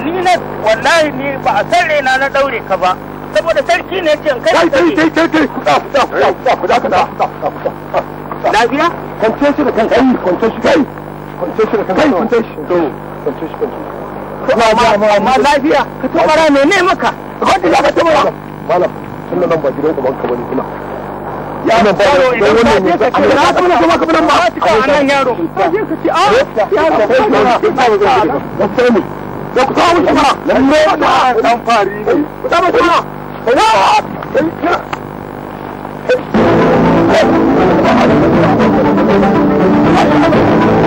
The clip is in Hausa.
ni na wallahi ni ba a san raina na daure ka ba saboda sarki ne ce kai kai kai kai kai kuda kuda kuda kuda kuda kuda kuda da kanka ya ba wannan ne ka na na kuma kuma ba a nan yaro ka ce a ka ce da ku kawo shi fara lalle da dan fari ne ku ta mace na ina